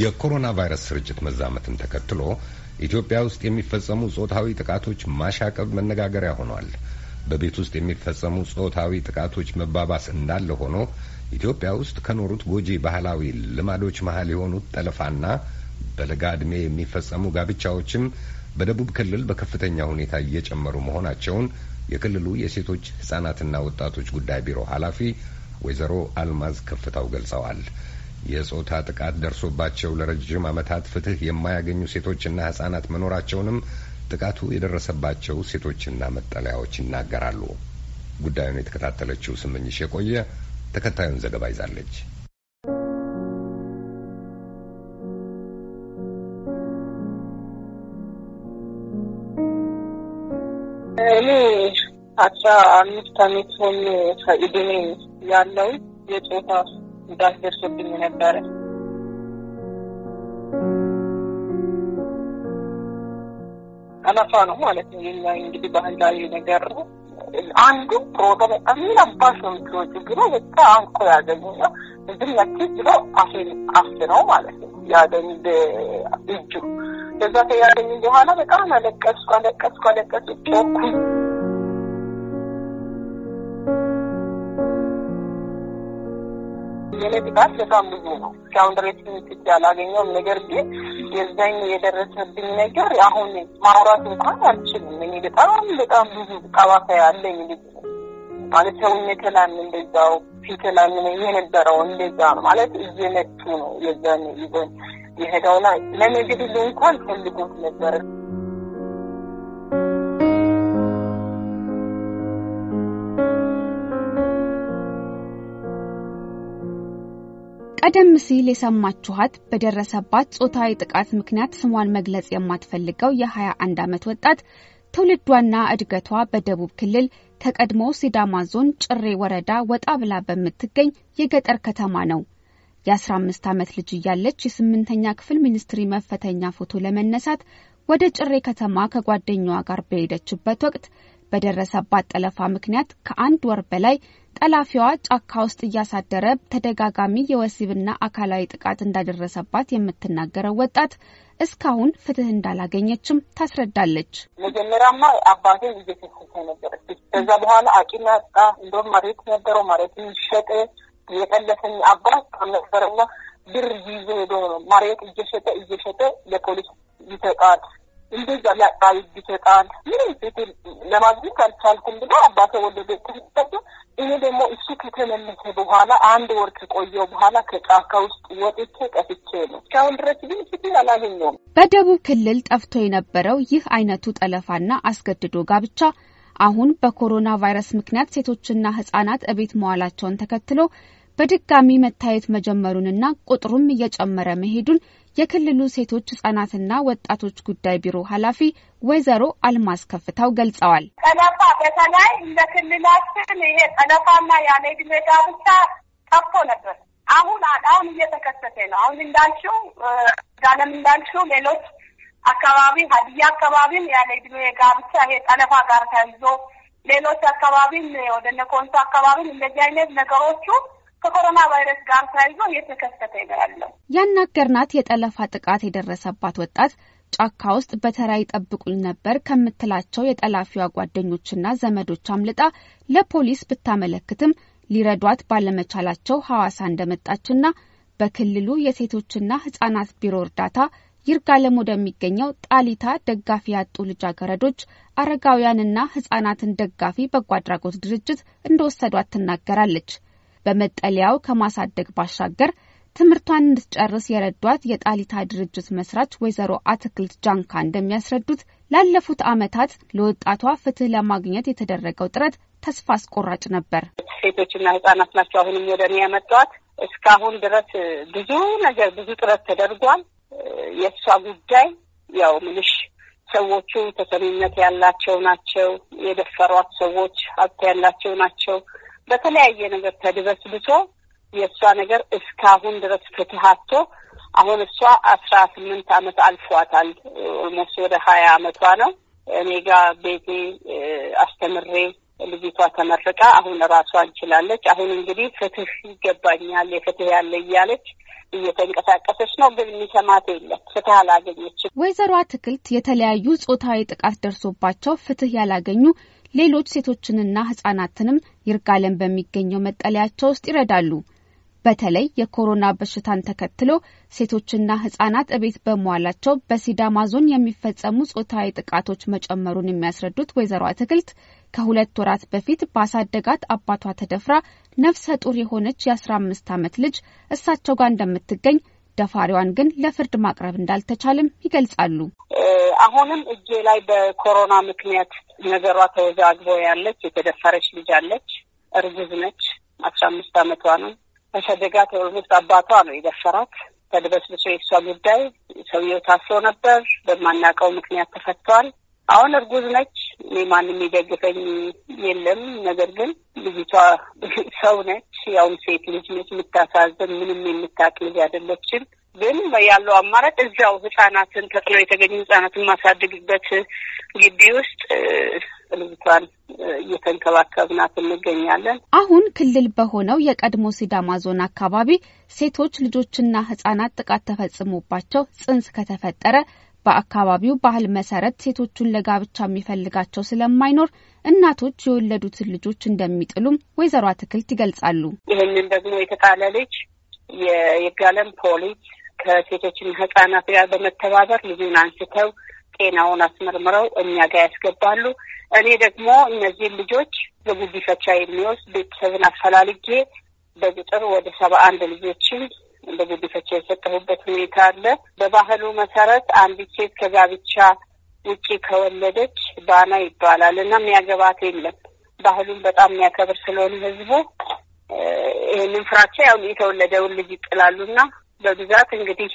የኮሮና ቫይረስ ስርጭት መዛመትን ተከትሎ ኢትዮጵያ ውስጥ የሚፈጸሙ ጾታዊ ጥቃቶች ማሻቀብ መነጋገሪያ ሆኗል። በቤት ውስጥ የሚፈጸሙ ጾታዊ ጥቃቶች መባባስ እንዳለ ሆኖ ኢትዮጵያ ውስጥ ከኖሩት ጎጂ ባህላዊ ልማዶች መሀል የሆኑት ጠለፋና በለጋ ዕድሜ የሚፈጸሙ ጋብቻዎችም በደቡብ ክልል በከፍተኛ ሁኔታ እየጨመሩ መሆናቸውን የክልሉ የሴቶች ህጻናትና ወጣቶች ጉዳይ ቢሮ ኃላፊ ወይዘሮ አልማዝ ከፍታው ገልጸዋል። የጾታ ጥቃት ደርሶባቸው ለረጅም ዓመታት ፍትህ የማያገኙ ሴቶችና ህጻናት መኖራቸውንም ጥቃቱ የደረሰባቸው ሴቶችና መጠለያዎች ይናገራሉ። ጉዳዩን የተከታተለችው ስምኝሽ የቆየ ተከታዩን ዘገባ ይዛለች። እኔ አስራ አምስት አመት ሆኖ ከኢድሜ ያለው የጾታ ጉዳት ደርሶብኝ ነበረ። አናፋ ነው ማለት ነው። የኛ እንግዲህ ባህላዊ ነገር ነው። አንዱ ፕሮጋ በጣም ምን አባሽ ነው የምትወጪ ብሎ በቃ አንኮ ያገኙና እዚህ ያቺ ብሎ አፌን አፍ ነው ማለት ነው ያገኝ እጁ ከዛ ከያገኝ በኋላ በጣም አለቀስኩ አለቀስኩ አለቀስኩ ጮኩኝ። የኔ ጥቃት በጣም ብዙ ነው። እስካሁን ድረስ ምትት ያላገኘውም ነገር ግን የዛኝ የደረሰብኝ ነገር አሁን ማውራት እንኳን አልችልም። እኔ በጣም በጣም ብዙ ጠባሳ ያለኝ ልጅ ማለት ሰውነት ላም እንደዛው ፊት ላም የነበረው እንደዛ ማለት እየመጡ ነው የዛን ይዘን ለእኔ ለመግደል እንኳን ፈልጎት ነበር። ቀደም ሲል የሰማችኋት በደረሰባት ጾታዊ ጥቃት ምክንያት ስሟን መግለጽ የማትፈልገው የ21 ዓመት ወጣት ትውልዷና እድገቷ በደቡብ ክልል ከቀድሞ ሲዳማ ዞን ጭሬ ወረዳ ወጣ ብላ በምትገኝ የገጠር ከተማ ነው። የአስራ አምስት ዓመት ልጅ እያለች የስምንተኛ ክፍል ሚኒስትሪ መፈተኛ ፎቶ ለመነሳት ወደ ጭሬ ከተማ ከጓደኛዋ ጋር በሄደችበት ወቅት በደረሰባት ጠለፋ ምክንያት ከአንድ ወር በላይ ጠላፊዋ ጫካ ውስጥ እያሳደረ ተደጋጋሚ የወሲብና አካላዊ ጥቃት እንዳደረሰባት የምትናገረው ወጣት እስካሁን ፍትህ እንዳላገኘችም ታስረዳለች። መጀመሪያማ አባቴ እየተሰሰ ነበር። ከዛ በኋላ አቂና ያጣ እንደም መሬት ነበረው መሬትን ሸጠ የጠለፈኝ አባት ነበረና ብር ይዞ ሄዶ ነው መሬት እየሸጠ እየሸጠ ለፖሊስ ይሰጣል። እንደዛ ሊያቃይብ ይሰጣል። ምንም ሴት ለማግኘት አልቻልኩም ብሎ አባተ ወደ ቤት ተሰጠ። ይሄ ደግሞ እሱ ከተመለሰ በኋላ አንድ ወር ከቆየው በኋላ ከጫካ ውስጥ ወጥቼ ቀፍቼ ነው። እስካሁን ድረስ ግን ፍትህ አላገኘውም። በደቡብ ክልል ጠፍቶ የነበረው ይህ አይነቱ ጠለፋና አስገድዶ ጋብቻ አሁን በኮሮና ቫይረስ ምክንያት ሴቶችና ህጻናት እቤት መዋላቸውን ተከትሎ በድጋሚ መታየት መጀመሩንና ቁጥሩም እየጨመረ መሄዱን የክልሉ ሴቶች ህጻናትና ወጣቶች ጉዳይ ቢሮ ኃላፊ ወይዘሮ አልማዝ ከፍታው ገልጸዋል። ጠለፋ በተለይ እንደ ክልላችን ይሄ ጠለፋና ያለ ዕድሜ ጋብቻ ጠፍቶ ነበር። አሁን አሁን እየተከሰተ ነው። አሁን እንዳልሽው ጋለም እንዳልሽው ሌሎች አካባቢ ሀዲያ አካባቢም ያለ እድሜ ጋብቻ ይሄ ጠለፋ ጋር ተያይዞ ሌሎች አካባቢም ወደነ ኮንሶ አካባቢም እንደዚህ አይነት ነገሮቹ ከኮሮና ቫይረስ ጋር ተያይዞ እየተከሰተ ይገራለሁ። ያናገርናት የጠለፋ ጥቃት የደረሰባት ወጣት ጫካ ውስጥ በተራ ይጠብቁኝ ነበር ከምትላቸው የጠላፊዋ ጓደኞችና ዘመዶች አምልጣ ለፖሊስ ብታመለክትም ሊረዷት ባለመቻላቸው ሐዋሳ እንደመጣችና በክልሉ የሴቶችና ሕጻናት ቢሮ እርዳታ ይርጋለም ወደሚገኘው ጣሊታ ደጋፊ ያጡ ልጃገረዶች አረጋውያንና ህጻናትን ደጋፊ በጎ አድራጎት ድርጅት እንደወሰዷት ትናገራለች። በመጠለያው ከማሳደግ ባሻገር ትምህርቷን እንድትጨርስ የረዷት የጣሊታ ድርጅት መስራች ወይዘሮ አትክልት ጃንካ እንደሚያስረዱት ላለፉት ዓመታት ለወጣቷ ፍትህ ለማግኘት የተደረገው ጥረት ተስፋ አስቆራጭ ነበር። ሴቶችና ህጻናት ናቸው አሁንም ወደ እኔ ያመጧት። እስካሁን ድረስ ብዙ ነገር ብዙ ጥረት ተደርጓል። የእሷ ጉዳይ ያው ምልሽ ሰዎቹ ተሰሚነት ያላቸው ናቸው። የደፈሯት ሰዎች ሀብት ያላቸው ናቸው። በተለያየ ነገር ተድበስብሶ የእሷ ነገር እስካሁን ድረስ ፍትሀቶ አሁን እሷ አስራ ስምንት አመት አልፏታል። ኦልሞስት ወደ ሀያ አመቷ ነው። እኔ ጋር ቤቴ አስተምሬ ልጅቷ ተመርቃ አሁን ራሷ እንችላለች። አሁን እንግዲህ ፍትህ ይገባኛል የፍትህ ያለ እያለች እየተንቀሳቀሰች ነው፣ ግን የሚሰማት የለም። ፍትህ አላገኘችም። ወይዘሮ አትክልት የተለያዩ ጾታዊ ጥቃት ደርሶባቸው ፍትህ ያላገኙ ሌሎች ሴቶችንና ህጻናትንም ይርጋለም በሚገኘው መጠለያቸው ውስጥ ይረዳሉ። በተለይ የኮሮና በሽታን ተከትሎ ሴቶችና ህጻናት እቤት በመዋላቸው በሲዳማ ዞን የሚፈጸሙ ጾታዊ ጥቃቶች መጨመሩን የሚያስረዱት ወይዘሮ አትክልት ከሁለት ወራት በፊት ባሳደጋት አባቷ ተደፍራ ነፍሰ ጡር የሆነች የአስራ አምስት ዓመት ልጅ እሳቸው ጋር እንደምትገኝ ደፋሪዋን ግን ለፍርድ ማቅረብ እንዳልተቻልም ይገልጻሉ። አሁንም እጄ ላይ በኮሮና ምክንያት ነገሯ ተወዛግቦ ያለች የተደፈረች ልጅ አለች። እርጉዝ ነች። አስራ አምስት አመቷ ነው። በሰደጋት ኦልሞስት አባቷ ነው የደፈራት። ተድበስብሶ የእሷ ጉዳይ ሰውየው ታስሮ ነበር። በማናውቀው ምክንያት ተፈቷል። አሁን እርጉዝ ነች። ማንም የደግፈኝ የለም። ነገር ግን ልጅቷ ሰው ነች። ያውም ሴት ልጅ ነች። የምታሳዝን ምንም የምታውቅ ልጅ አይደለችም። ግን ያለው አማራጭ እዚያው ህጻናትን ተክሎ የተገኙ ህጻናትን ማሳደግበት ግቢ ውስጥ ልጅቷን እየተንከባከብናት እንገኛለን። አሁን ክልል በሆነው የቀድሞ ሲዳማ ዞን አካባቢ ሴቶች ልጆችና ህጻናት ጥቃት ተፈጽሞባቸው ጽንስ ከተፈጠረ በአካባቢው ባህል መሰረት ሴቶቹን ለጋብቻ የሚፈልጋቸው ስለማይኖር እናቶች የወለዱትን ልጆች እንደሚጥሉም ወይዘሮ አትክልት ይገልጻሉ። ይህንን ደግሞ የተጣለ ልጅ የጋለም ፖሊስ ከሴቶችና ህጻናት ጋር በመተባበር ልጁን አንስተው ጤናውን አስመርምረው እኛ ጋር ያስገባሉ። እኔ ደግሞ እነዚህን ልጆች በጉዲፈቻ የሚወስድ ቤተሰብን አፈላልጌ በቁጥር ወደ ሰባ አንድ ልጆችን በጉዲፈቻ የሰጠሁበት ሁኔታ አለ። በባህሉ መሰረት አንዲት ሴት ከጋብቻ ውጪ ከወለደች ባና ይባላል እና የሚያገባት የለም። ባህሉን በጣም የሚያከብር ስለሆነ ህዝቡ ይህንን ፍራቻ ያው የተወለደውን ልጅ ይጥላሉና በብዛት እንግዲህ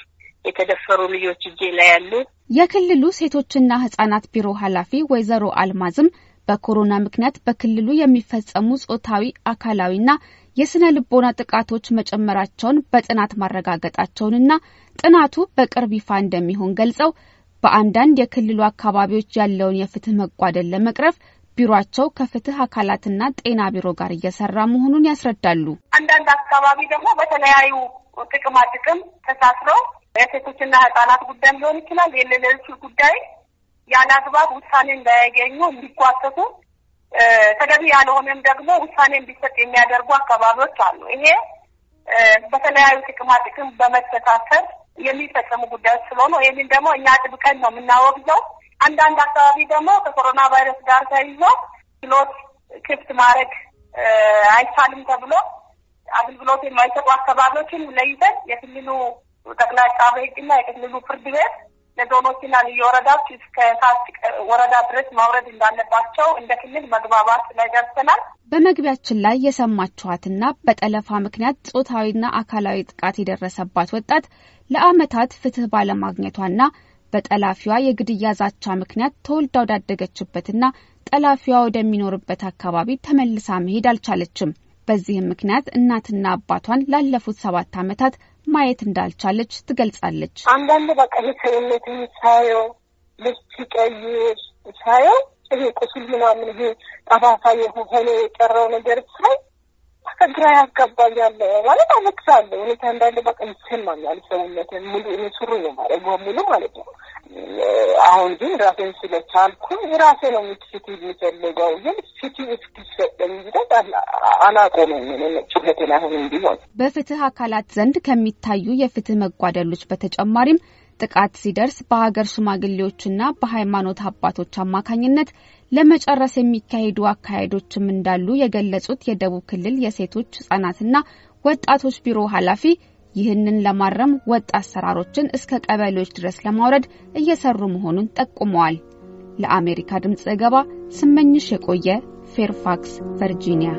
የተደፈሩ ልጆች እጄ ላይ ያሉ። የክልሉ ሴቶችና ህጻናት ቢሮ ኃላፊ ወይዘሮ አልማዝም በኮሮና ምክንያት በክልሉ የሚፈጸሙ ጾታዊ አካላዊና የስነ ልቦና ጥቃቶች መጨመራቸውን በጥናት ማረጋገጣቸውንና ጥናቱ በቅርብ ይፋ እንደሚሆን ገልጸው በአንዳንድ የክልሉ አካባቢዎች ያለውን የፍትህ መጓደል ለመቅረፍ ቢሮቸው ከፍትህ አካላትና ጤና ቢሮ ጋር እየሰራ መሆኑን ያስረዳሉ። አንዳንድ አካባቢ ደግሞ በተለያዩ ጥቅማ ጥቅም ተሳስረው የሴቶችና ህጻናት ጉዳይ ሊሆን ይችላል የሌሎቹ ጉዳይ ያለ አግባብ ውሳኔ እንዳያገኙ እንዲጓተቱ ተገቢ ያልሆነም ደግሞ ውሳኔ እንዲሰጥ የሚያደርጉ አካባቢዎች አሉ። ይሄ በተለያዩ ጥቅማ ጥቅም በመተካከል የሚፈጸሙ ጉዳዮች ስለሆኑ ይህንን ደግሞ እኛ ጥብቀን ነው የምናወግዘው። አንዳንድ አካባቢ ደግሞ ከኮሮና ቫይረስ ጋር ተይዞ ችሎት ክፍት ማድረግ አይቻልም ተብሎ አገልግሎት የማይሰጡ አካባቢዎችን ለይተን የክልሉ ጠቅላይ ዐቃቤ ሕግና የክልሉ ፍርድ ቤት ለዞኖችና ልዩ ወረዳዎች እስከ ታች ወረዳ ድረስ ማውረድ እንዳለባቸው እንደ ክልል መግባባት ላይ ደርሰናል። በመግቢያችን ላይ የሰማችኋትና በጠለፋ ምክንያት ጾታዊና አካላዊ ጥቃት የደረሰባት ወጣት ለአመታት ፍትህ ባለማግኘቷና በጠላፊዋ የግድያ ዛቻ ምክንያት ተወልዳ ወዳደገችበትና ጠላፊዋ ወደሚኖርበት አካባቢ ተመልሳ መሄድ አልቻለችም። በዚህም ምክንያት እናትና አባቷን ላለፉት ሰባት ዓመታት ማየት እንዳልቻለች ትገልጻለች። አንዳንድ በቃ ሰውነት ሳየው ልብስ ሲቀይር ሳየው ይሄ ቁስል ምናምን ይሄ ጠፋፋ የሆነ የቀረው ነገር ሳይ ግራ ያጋባኛል ማለት አመክሳለሁ እኔ አንዳንድ በቃ ይሰማኛል ሰውነት ሙሉ ሱሩ ነው ማለት በሙሉ ማለት ነው አሁን ግን ራሴን ስለቻልኩኝ የራሴ ነው ምትፊት የሚፈልገው ግን ፊት እስኪሰጠኝ ድረስ አላቆመም ችለትን አሁን ቢሆን በፍትህ አካላት ዘንድ ከሚታዩ የፍትህ መጓደሎች በተጨማሪም ጥቃት ሲደርስ በሀገር ሽማግሌዎችና በሃይማኖት አባቶች አማካኝነት ለመጨረስ የሚካሄዱ አካሄዶችም እንዳሉ የገለጹት የደቡብ ክልል የሴቶች ህጻናትና ወጣቶች ቢሮ ኃላፊ ይህንን ለማረም ወጥ አሰራሮችን እስከ ቀበሌዎች ድረስ ለማውረድ እየሰሩ መሆኑን ጠቁመዋል። ለአሜሪካ ድምፅ ዘገባ ስመኝሽ የቆየ ፌርፋክስ ቨርጂኒያ